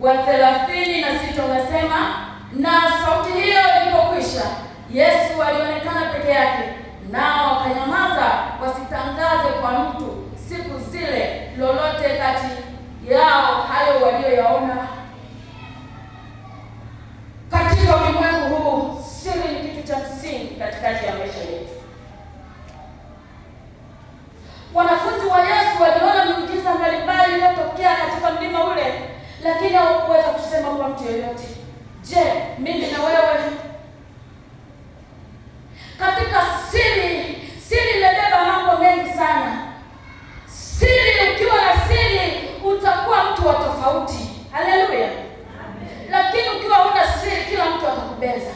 wa thelathini na sita unasema, na sauti hiyo ilipokwisha, Yesu alionekana peke yake, nao wakanyamaza, wasitangaze kwa mtu siku zile lolote kati yao hayo walioyaona kwa mtu yoyote. Je, mimi na wewe katika siri? Siri imebeba mambo mengi sana. Siri, ukiwa na siri utakuwa mtu wa tofauti. Haleluya! Lakini ukiwa huna siri, kila mtu atakubeza,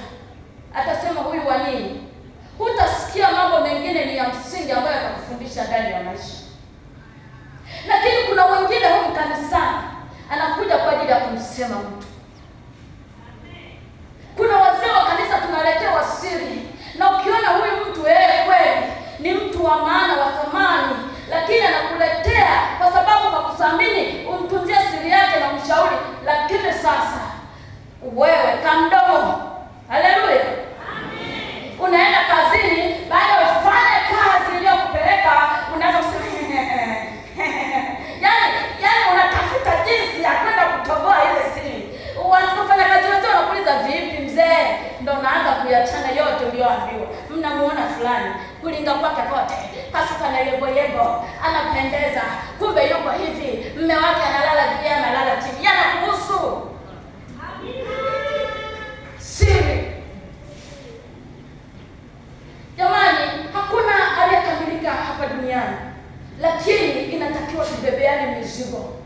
atasema huyu wa nini? Hutasikia mambo mengine ni ya msingi ambayo atakufundisha ndani ya maisha. Lakini kuna wengine humu kanisani anakuja kwa ajili ya kumsema mtu umthamini, umtunzie siri yake na mshauri, Lakini sasa wewe kamdomo yebo yebo, anapendeza, kumbe yuko hivi, mme wake analala juu, analala chini, yanakuhusu siri. Jamani, hakuna aliyekamilika hapa duniani, lakini inatakiwa tubebeane mizigo.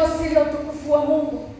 possível tu kufuwa Mungu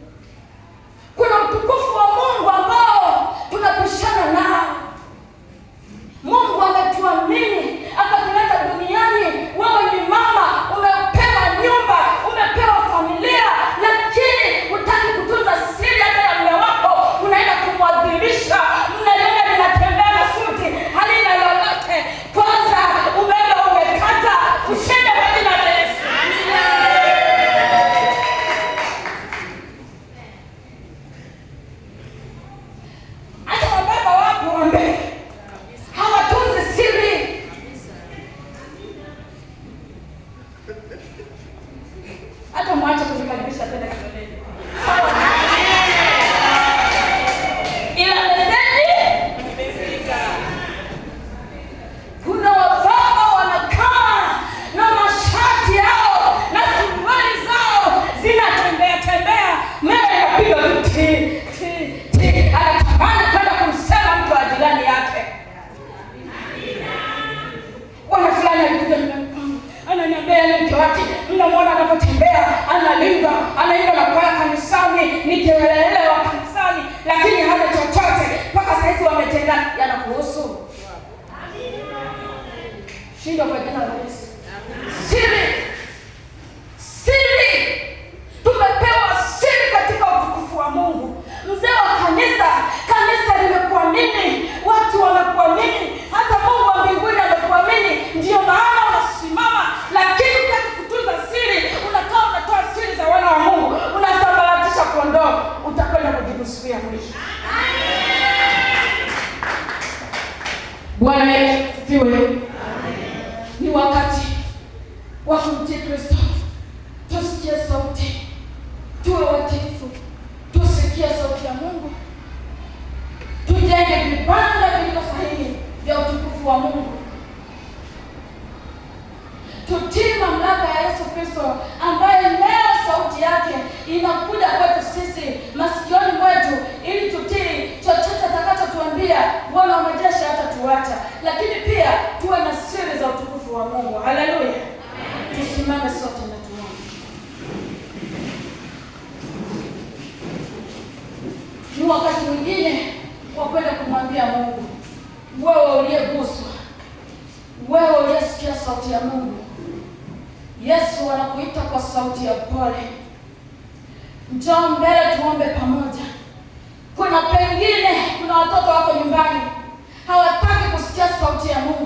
unamwona anavyotembea, analimba, anaimba makwaya kanisani, ni kelele wa kanisani, lakini hana chochote mpaka saa hizi wametenda. Yanakuhusu? Shindwa kwa jina la Yesu. Bwana Yesu asifiwe. Ni wakati wa kumtii Kristo, tusikie sauti, tuwe watifu, tusikie sauti ya Mungu, tujenge vibanda vilivyo sahihi vya utukufu wa Mungu, tutii mamlaka ya Yesu Kristo ambaye leo sauti yake inakuja kwetu sisi masikioni mwetu mwingine wa kwenda kumwambia Mungu, wewe uliyeguswa, wewe uliyesikia sauti ya Mungu. Yesu anakuita kwa sauti ya pole njoo mbele tuombe pamoja. Kuna pengine kuna watoto wako nyumbani hawataki kusikia sauti ya Mungu.